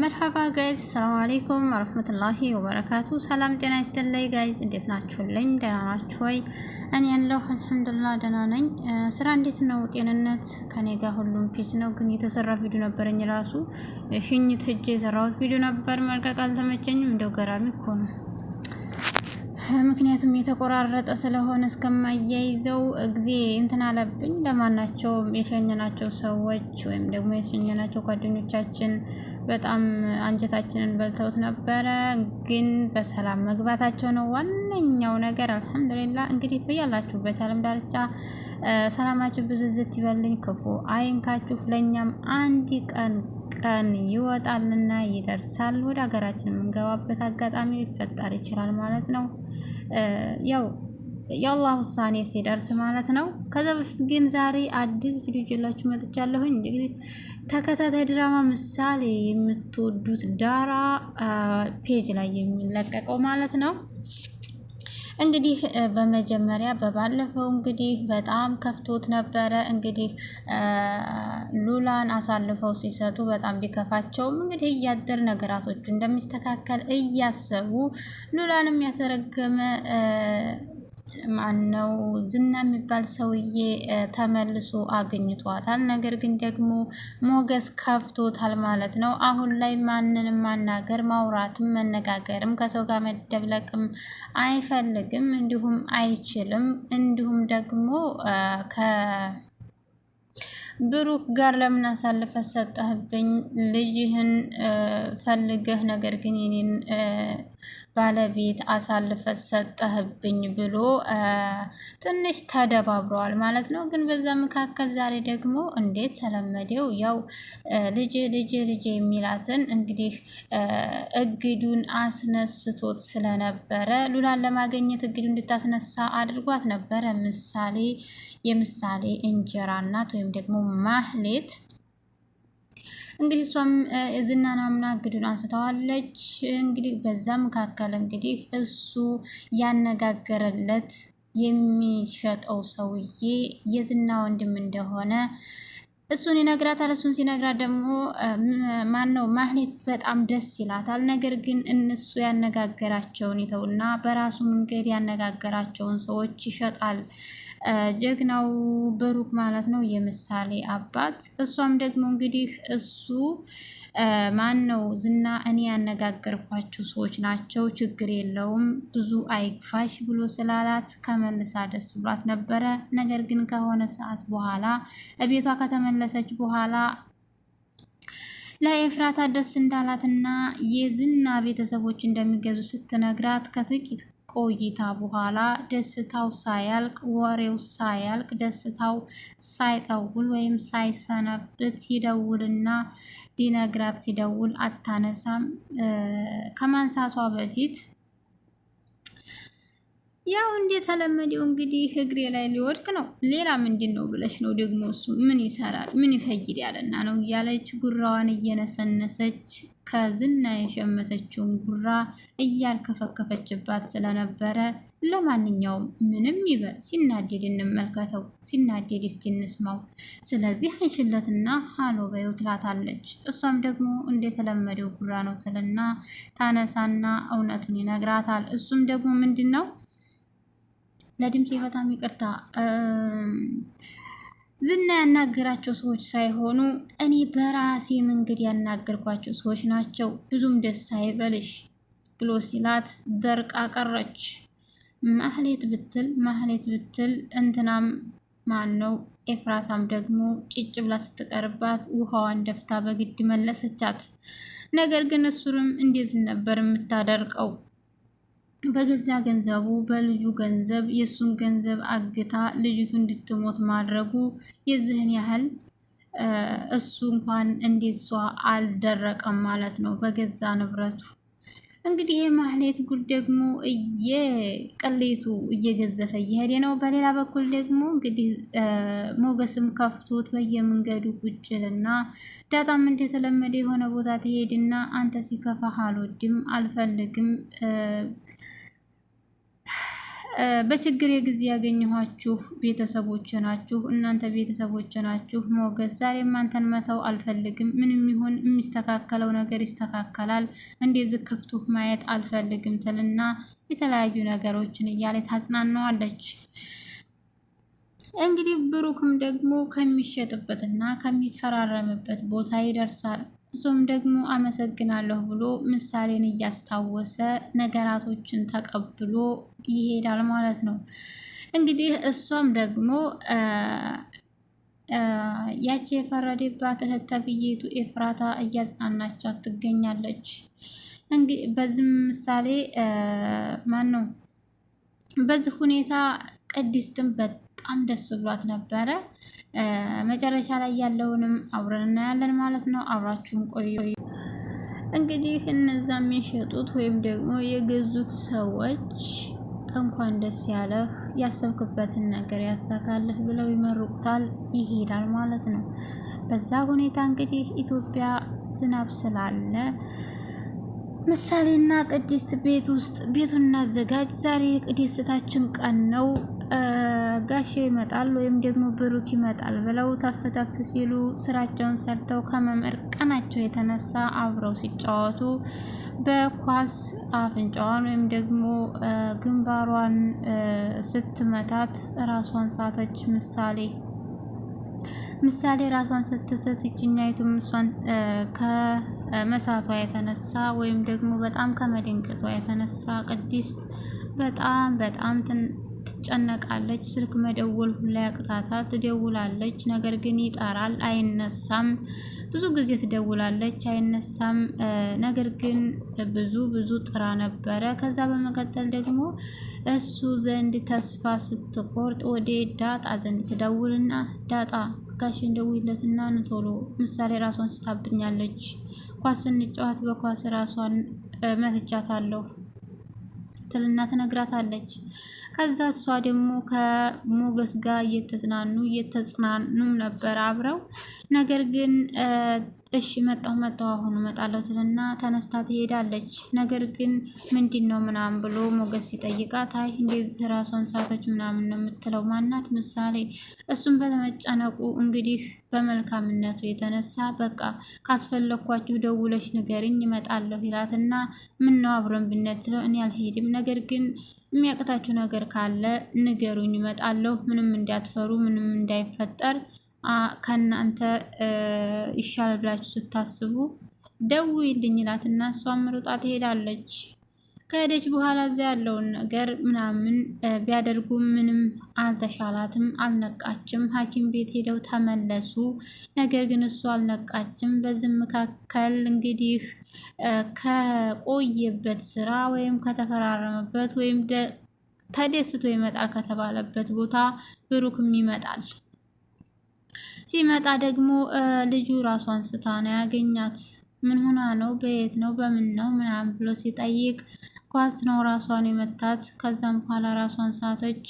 መርሀባ ጋይዝ ሰላም አሌይኩም ወረህመቱላሂ ወበረካቱ። ሰላም ጤና ይስጥልኝ ጋይዝ፣ እንዴት ናችሁልኝ? ደህና ናችሁ ወይ? እኔ ያለሁ አልሐምዱሊላህ ደህና ነኝ። ስራ እንዴት ነው? ጤንነት ከኔ ጋር ሁሉም ፒስ ነው። ግን የተሰራ ቪዲዮ ነበረኝ ራሱ ሽኝት ሂጄ የሰራሁት ቪዲዮ ነበር መልቀቅ አልተመቸኝም። እንደው ገራሚ እኮ ነው። ምክንያቱም የተቆራረጠ ስለሆነ እስከማያይዘው ጊዜ እንትን አለብኝ። ለማናቸው የሸኘናቸው ሰዎች ወይም ደግሞ የሸኘናቸው ጓደኞቻችን በጣም አንጀታችንን በልተውት ነበረ፣ ግን በሰላም መግባታቸው ነው ዋነኛው ነገር። አልሐምዱሊላ እንግዲህ በያላችሁበት የዓለም ዳርቻ ሰላማችሁ ብዝዝት ይበልኝ፣ ክፉ አይንካችሁ። ለእኛም አንድ ቀን ቀን ይወጣልና ይደርሳል። ወደ ሀገራችን የምንገባበት አጋጣሚ ሊፈጠር ይችላል ማለት ነው። ያው የአላህ ውሳኔ ሲደርስ ማለት ነው። ከዛ በፊት ግን ዛሬ አዲስ ቪዲዮ ጀላችሁ መጥቻለሁኝ። እንግዲህ ተከታታይ ድራማ ምሳሌ የምትወዱት ዳራ ፔጅ ላይ የሚለቀቀው ማለት ነው እንግዲህ በመጀመሪያ በባለፈው እንግዲህ በጣም ከፍቶት ነበረ። እንግዲህ ሉላን አሳልፈው ሲሰጡ በጣም ቢከፋቸውም እንግዲህ እያደር ነገራቶቹ እንደሚስተካከል እያሰቡ ሉላንም ያተረገመ ማን ነው ዝና የሚባል ሰውዬ ተመልሶ አግኝቷታል። ነገር ግን ደግሞ ሞገስ ከፍቶታል ማለት ነው። አሁን ላይ ማንንም ማናገር፣ ማውራትም፣ መነጋገርም ከሰው ጋር መደብለቅም አይፈልግም፣ እንዲሁም አይችልም እንዲሁም ደግሞ ከ ብሩክ ጋር ለምን አሳልፈ ሰጠህብኝ? ልጅህን ፈልገህ ነገር ግን የኔን ባለቤት አሳልፈ ሰጠህብኝ ብሎ ትንሽ ተደባብረዋል ማለት ነው። ግን በዛ መካከል ዛሬ ደግሞ እንዴት ተለመደው ያው ልጅ ልጅ ልጅ የሚላትን እንግዲህ እግዱን አስነስቶት ስለነበረ ሉላን ለማገኘት እግዱ እንድታስነሳ አድርጓት ነበረ። ምሳሌ የምሳሌ እንጀራ እናት ወይም ደግሞ ማህሌት እንግዲህ እሷም ዝናን አምና ግዱን አንስተዋለች። እንግዲህ በዛ መካከል እንግዲህ እሱ ያነጋገረለት የሚሸጠው ሰውዬ የዝና ወንድም እንደሆነ እሱን ይነግራታል። እሱን ሲነግራት ደግሞ ማነው ማህሌት በጣም ደስ ይላታል። ነገር ግን እነሱ ያነጋገራቸውን ይተውና በራሱ መንገድ ያነጋገራቸውን ሰዎች ይሸጣል። ጀግናው ብሩክ ማለት ነው የምሳሌ አባት። እሷም ደግሞ እንግዲህ እሱ ማን ነው ዝና እኔ ያነጋገርኳቸው ሰዎች ናቸው፣ ችግር የለውም ብዙ አይክፋሽ ብሎ ስላላት ከመልሳ ደስ ብሏት ነበረ። ነገር ግን ከሆነ ሰዓት በኋላ እቤቷ ከተመለሰች በኋላ ለኤፍራታ ደስ እንዳላትና የዝና ቤተሰቦች እንደሚገዙ ስትነግራት ከጥቂት ቆይታ በኋላ ደስታው ሳያልቅ ወሬው ሳያልቅ ደስታው ሳይጠውል ወይም ሳይሰነብት ይደውልና ሊነግራት ሲደውል አታነሳም። ከማንሳቷ በፊት ያው እንደተለመደው እንግዲህ እግሬ ላይ ሊወድቅ ነው። ሌላ ምንድን ነው ብለሽ ነው ደግሞ እሱ ምን ይሰራል ምን ይፈይድ ያለና ነው እያለች ጉራዋን እየነሰነሰች ከዝና የሸመተችውን ጉራ እያልከፈከፈችባት ስለነበረ፣ ለማንኛውም ምንም ይበል ሲናደድ እንመልከተው፣ ሲናደድ እስቲ እንስማው። ስለዚህ አይሽለትና ሀሎ በይው ትላታለች። እሷም ደግሞ እንደተለመደው ጉራ ነው ትልና ታነሳና እውነቱን ይነግራታል። እሱም ደግሞ ምንድን ነው ለድምፄ በጣም ይቅርታ ዝና ያናገራቸው ሰዎች ሳይሆኑ እኔ በራሴ መንገድ ያናገርኳቸው ሰዎች ናቸው። ብዙም ደስ አይበልሽ ብሎ ሲላት ደርቃ ቀረች። ማህሌት ብትል ማህሌት ብትል እንትናም ማን ነው ኤፍራታም ደግሞ ጭጭ ብላ ስትቀርባት ውሃዋን ደፍታ በግድ መለሰቻት። ነገር ግን እሱንም እንደዚህ ነበር የምታደርቀው። በገዛ ገንዘቡ በልጁ ገንዘብ የእሱን ገንዘብ አግታ ልጅቱ እንድትሞት ማድረጉ የዚህን ያህል እሱ እንኳን እሷ አልደረቀም ማለት ነው በገዛ ንብረቱ። እንግዲህ የማህሌት ጉድ ደግሞ እየቀሌቱ እየገዘፈ እየሄደ ነው። በሌላ በኩል ደግሞ እንግዲህ ሞገስም ከፍቶት በየመንገዱ ቁጭልና ዳጣም እንደተለመደ የሆነ ቦታ ትሄድና አንተ ሲከፋህ አልወድም አልፈልግም በችግር ጊዜ ያገኘኋችሁ ቤተሰቦች ናችሁ። እናንተ ቤተሰቦች ናችሁ። ሞገስ ዛሬም አንተን መተው አልፈልግም። ምንም ይሁን የሚስተካከለው ነገር ይስተካከላል። እንደዚህ ዝክፍቱህ ማየት አልፈልግም ትልና የተለያዩ ነገሮችን እያለ ታጽናነዋለች። እንግዲህ ብሩክም ደግሞ ከሚሸጥበትና ከሚፈራረምበት ቦታ ይደርሳል። እሱም ደግሞ አመሰግናለሁ ብሎ ምሳሌን እያስታወሰ ነገራቶችን ተቀብሎ ይሄዳል ማለት ነው። እንግዲህ እሷም ደግሞ ያቺ የፈረደባት እህት ተብዬቱ ኤፍራታ እያጽናናቻት ትገኛለች። በዚህም ምሳሌ ማን ነው በዚህ ሁኔታ ቅድስትን በጣም ደስ ብሏት ነበረ። መጨረሻ ላይ ያለውንም አብረን እናያለን ማለት ነው። አብራችሁን ቆዩ። እንግዲህ እነዛም የሸጡት ወይም ደግሞ የገዙት ሰዎች እንኳን ደስ ያለህ ያሰብክበትን ነገር ያሳካልህ ብለው ይመርቁታል፣ ይሄዳል ማለት ነው። በዛ ሁኔታ እንግዲህ ኢትዮጵያ ዝናብ ስላለ ምሳሌና ቅድስት ቤት ውስጥ ቤቱን እናዘጋጅ፣ ዛሬ የቅድስታችን ቀን ነው ጋሽ ይመጣል ወይም ደግሞ ብሩክ ይመጣል ብለው ተፍ ተፍ ሲሉ ስራቸውን ሰርተው ቀናቸው የተነሳ አብረው ሲጫወቱ በኳስ አፍንጫዋን ወይም ደግሞ ግንባሯን ስትመታት ራሷን ሳተች ምሳሌ ምሳሌ ራሷን ስትስት እጅኛይቱም እሷን ከመሳቷ የተነሳ ወይም ደግሞ በጣም ከመደንገጧ የተነሳ ቅድስት በጣም በጣም ትጨነቃለች። ስልክ መደወል ሁላ ያቅታታል። ትደውላለች፣ ነገር ግን ይጠራል፣ አይነሳም። ብዙ ጊዜ ትደውላለች፣ አይነሳም። ነገር ግን ብዙ ብዙ ጥራ ነበረ። ከዛ በመቀጠል ደግሞ እሱ ዘንድ ተስፋ ስትቆርጥ ወደ ዳጣ ዘንድ ትደውልና ዳጣ ጋሽ ደውይለትና ኑ ቶሎ ምሳሌ ራሷን ስታብኛለች፣ ኳስ ስንጫወት በኳስ ራሷን መትቻታለሁ ስትልና ትነግራታለች። ከዛ እሷ ደግሞ ከሞገስ ጋር እየተዝናኑ እየተጽናኑም ነበር አብረው ነገር ግን እሺ መጣሁ መጣሁ አሁን እመጣለሁ ትልና ተነስታ ትሄዳለች። ነገር ግን ምንድን ነው ምናምን ብሎ ሞገስ ሲጠይቃት አይ እንደዚህ ራሷን ሳተች ምናምን ነው የምትለው ማናት ምሳሌ። እሱም በተመጨነቁ እንግዲህ በመልካምነቱ የተነሳ በቃ ካስፈለግኳችሁ ደውለሽ ንገርኝ እመጣለሁ ይላትና ምን ነው አብረን ብነት እኔ አልሄድም፣ ነገር ግን የሚያቅታችሁ ነገር ካለ ንገሩኝ እመጣለሁ፣ ምንም እንዳትፈሩ፣ ምንም እንዳይፈጠር ከእናንተ ይሻላል ብላችሁ ስታስቡ ደውዪልኝ እና እሷም ሩጣ ትሄዳለች። ከሄደች በኋላ እዚያ ያለውን ነገር ምናምን ቢያደርጉ ምንም አልተሻላትም፣ አልነቃችም። ሐኪም ቤት ሄደው ተመለሱ። ነገር ግን እሱ አልነቃችም። በዚህ መካከል እንግዲህ ከቆየበት ስራ ወይም ከተፈራረመበት ወይም ተደስቶ ይመጣል ከተባለበት ቦታ ብሩክም ይመጣል። ሲመጣ ደግሞ ልጁ ራሱ አንስታ ነው ያገኛት። ምን ሆና ነው በየት ነው በምን ነው ምናምን ብሎ ሲጠይቅ ኳስ ነው ራሷን የመታት። ከዛም በኋላ ራሷን ሳተች።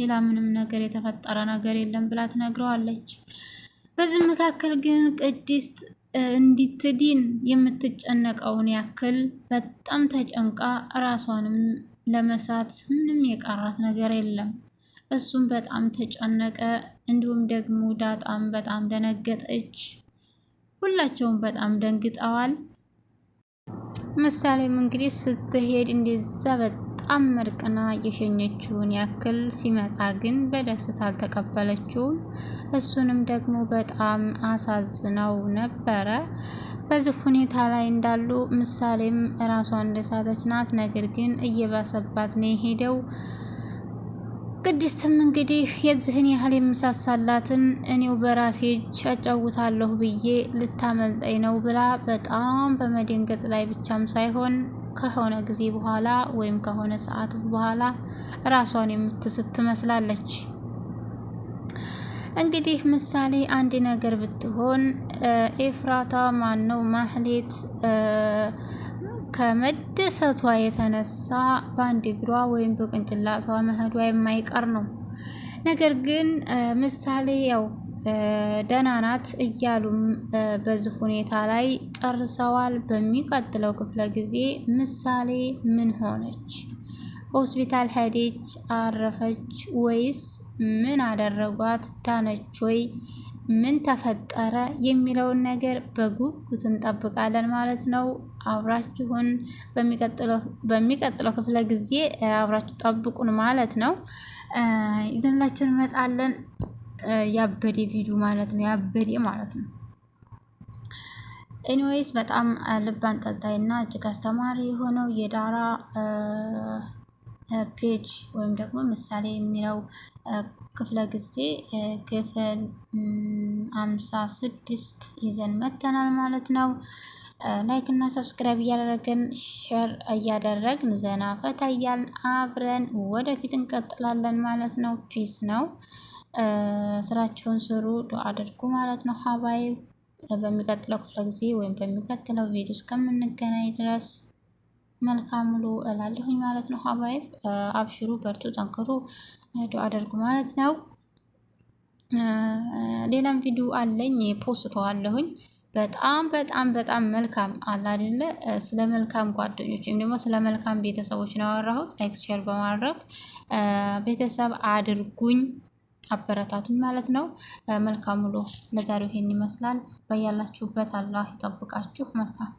ሌላ ምንም ነገር የተፈጠረ ነገር የለም ብላ ትነግረዋለች። በዚህ መካከል ግን ቅድስት እንዲትዲን የምትጨነቀውን ያክል በጣም ተጨንቃ ራሷንም ለመሳት ምንም የቀራት ነገር የለም። እሱም በጣም ተጨነቀ። እንዲሁም ደግሞ ዳጣም በጣም ደነገጠች። ሁላቸውም በጣም ደንግጠዋል። ምሳሌም እንግዲህ ስትሄድ እንደዛ በጣም መርቅና የሸኘችውን ያክል ሲመጣ ግን በደስታ አልተቀበለችውም። እሱንም ደግሞ በጣም አሳዝነው ነበረ። በዚህ ሁኔታ ላይ እንዳሉ ምሳሌም ራሷን እንደሳተች ናት። ነገር ግን እየባሰባት ነው የሄደው ቅድስትም እንግዲህ የዚህን ያህል የምሳሳላትን እኔው በራሴ እጅ አጫውታለሁ ብዬ ልታመልጠኝ ነው ብላ በጣም በመደንገጥ ላይ ብቻም ሳይሆን ከሆነ ጊዜ በኋላ ወይም ከሆነ ሰዓት በኋላ ራሷን የምትስት ትመስላለች። እንግዲህ ምሳሌ አንድ ነገር ብትሆን ኤፍራታ ማን ነው ማህሌት ከመደሰቷ የተነሳ በአንድ እግሯ ወይም በቅንጭላቷ መሄዷ የማይቀር ነው። ነገር ግን ምሳሌ ያው ደህና ናት እያሉም በዚህ ሁኔታ ላይ ጨርሰዋል። በሚቀጥለው ክፍለ ጊዜ ምሳሌ ምን ሆነች? ሆስፒታል ሄደች? አረፈች? ወይስ ምን አደረጓት? ዳነች ወይ? ምን ተፈጠረ የሚለውን ነገር በጉጉት እንጠብቃለን ማለት ነው። አብራችሁን በሚቀጥለው ክፍለ ጊዜ አብራችሁ ጠብቁን ማለት ነው። ይዘንላችሁ እንመጣለን። ያበዴ ቪዲዮ ማለት ነው። ያበዴ ማለት ነው። ኤኒዌይስ በጣም ልብ አንጠልጣይና እጅግ አስተማሪ የሆነው የዳራ ፔጅ ወይም ደግሞ ምሳሌ የሚለው ክፍለ ጊዜ ክፍል አምሳ ስድስት ይዘን መተናል ማለት ነው። ላይክ እና ሰብስክራይብ እያደረግን ሸር እያደረግን ዘና ፈታ እያልን አብረን ወደፊት እንቀጥላለን ማለት ነው። ፒስ ነው። ስራቸውን ስሩ፣ ዱአ አድርጉ ማለት ነው። ሀባይ በሚቀጥለው ክፍለ ጊዜ ወይም በሚቀጥለው ቪዲዮ እስከምንገናኝ ድረስ መልካም ውሎ እላለሁኝ ማለት ነው። ሀባይብ አብሽሩ፣ በርቱ፣ ጠንክሩ፣ ዱ አደርጉ ማለት ነው። ሌላም ቪዲዮ አለኝ ፖስተዋለሁኝ። በጣም በጣም በጣም መልካም አለ አይደለ? ስለ መልካም ጓደኞች ወይም ደግሞ ስለ መልካም ቤተሰቦች ነው ያወራሁት። ላይክ ሼር በማድረግ ቤተሰብ አድርጉኝ፣ አበረታቱኝ ማለት ነው። መልካም ውሎ ለዛሬው ይሄን ይመስላል። በያላችሁበት አላህ ይጠብቃችሁ። መልካም